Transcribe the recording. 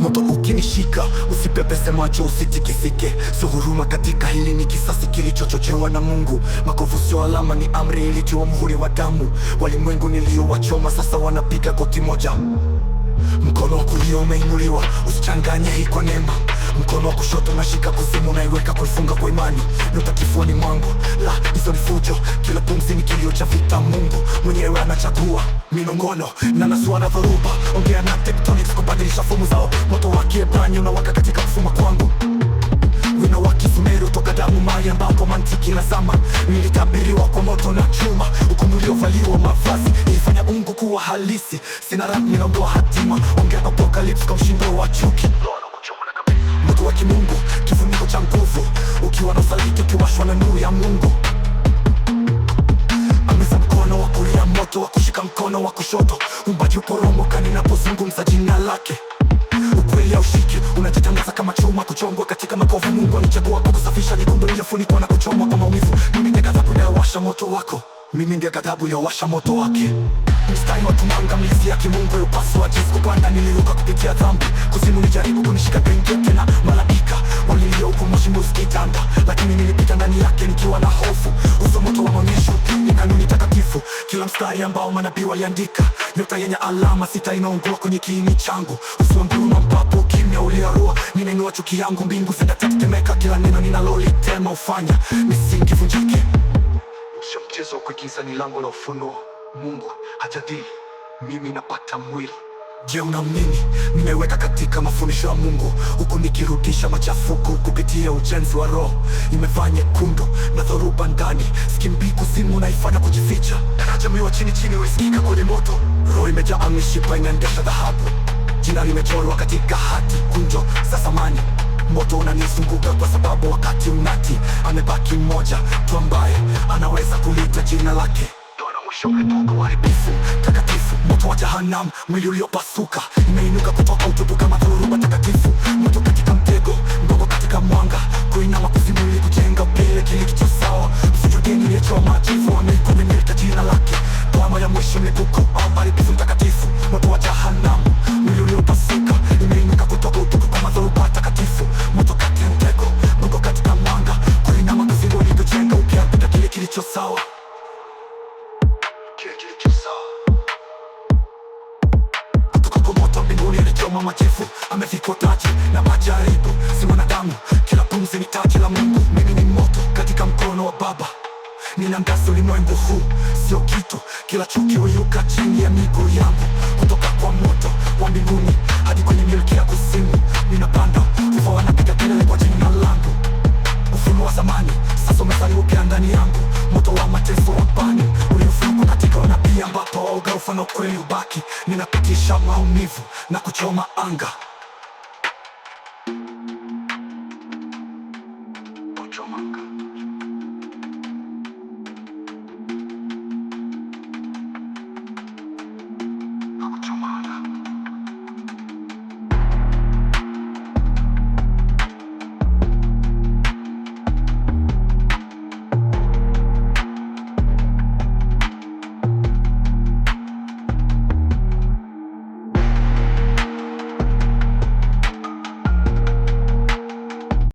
Moto ukinishika usipepese macho, usitikisike. Sio huruma katika hili, ni kisasi kilichochochewa na Mungu. Makovu sio alama, ni amri ilitiwa muhuri wa damu. Walimwengu niliowachoma sasa wanapiga koti moja. Mkono wa kulia umeinuliwa, usichanganye hii kwa neema. Mkono wa kushoto nashika kuzimu, naiweka kuifunga kwa imani, nyota kifuani mwangu. La, hizo ni fujo, kila pumzi ni kilio cha vita. Mungu mwenyewe anachagua minong'ono na na dhoruba. Ongea na tectonics kubadilisha fumu zao, moto wa Kiebrania unawaka katika kufuma kwangu wino wa Kisumeru toka damu mai, ambapo mantiki na zama nilitabiriwa kwa moto na chuma. Hukumu iliyovaliwa mavazi ilifanya ungu kuwa halisi. Sina rap, ninaondoa hatima. Ongea na apocalypse kwa mshindo wa chuki. Lord mtu wa kimungu, kifuniko cha nguvu, ukiwa na usaliti, ukiwashwa na nuru ya Mungu. Ameza mkono wa kulia, moto wa kushika mkono wa kushoto, umbaji uporomoka ninapozungumza jina lake. Ukweli haushiki, unajitangaza kama chuma, kuchongwa katika makovu. Mungu amechagua kukusafisha, nyekundu iliyofunikwa na kuchomwa kwa maumivu. Mimi ndiye ghadhabu inayowasha moto wako, mimi ndiye ghadhabu inayowasha moto wake. Mstari wa tumanga mizizi ya kimungu wa jinsi kupanda. Niliruka kupitia dhambi, kuzimu nijaribu kunishika bengi tena. Malaika walilia huko moshi msikitanda, lakini nilipita ndani yake nikiwa na hofu. Uso moto wa maonyesho ni kanuni takatifu, kila mstari ambao manabii waliandika. Nyota yenye alama sita inaungua kwenye kiini changu, uso wa mduma mpapo ukimya uliarua. Ninainua chuki yangu, mbingu senda zitatetemeka. Kila neno ninalolitema ufanya misingi vunjike. Mchezo wa kuigiza ni lango la ufunuo. Mungu hajadili, mimi napata mwili. Je, unaamini nimeweka katika mafundisho ya Mungu, huku nikirudisha machafuko kupitia ujenzi wa roho? imevaa nyekundu na dhoruba ndani, sikimbii kuzimu, naifanya kujificha. Daraja miwa chini chini huisikika kwenye moto. Roho imejaa mishipa, inaendesha dhahabu. Jina limechorwa katika hati, kunjo za samani Moto unanizunguka kwa sababu wakati unati amebaki mmoja tu ambaye anaweza kulita jina lake mwisho. Mungu uharibifu takatifu, moto wa jahanam mwili uliopasuka imeinuka kutoka utupu kama dhoruba takatifu, moto katika mtego, mgogo katika mwanga, kuinama kuzimu ili kujenga kile kilicho sawa. Msujudini aliyechoa majivu, ameikumimirika jina lake, alama ya mwisho ni kuku au kama machifu amefikwa taji na majaribu, si mwanadamu, kila pumzi ni taji la Mungu. Mimi ni moto katika mkono wa Baba, ninaangasa ulimwengu huu, sio kitu. Kila chuki huyuka chini ya miguu sifa na ukweli ubaki, ninapitisha maumivu na kuchoma anga, kuchoma anga.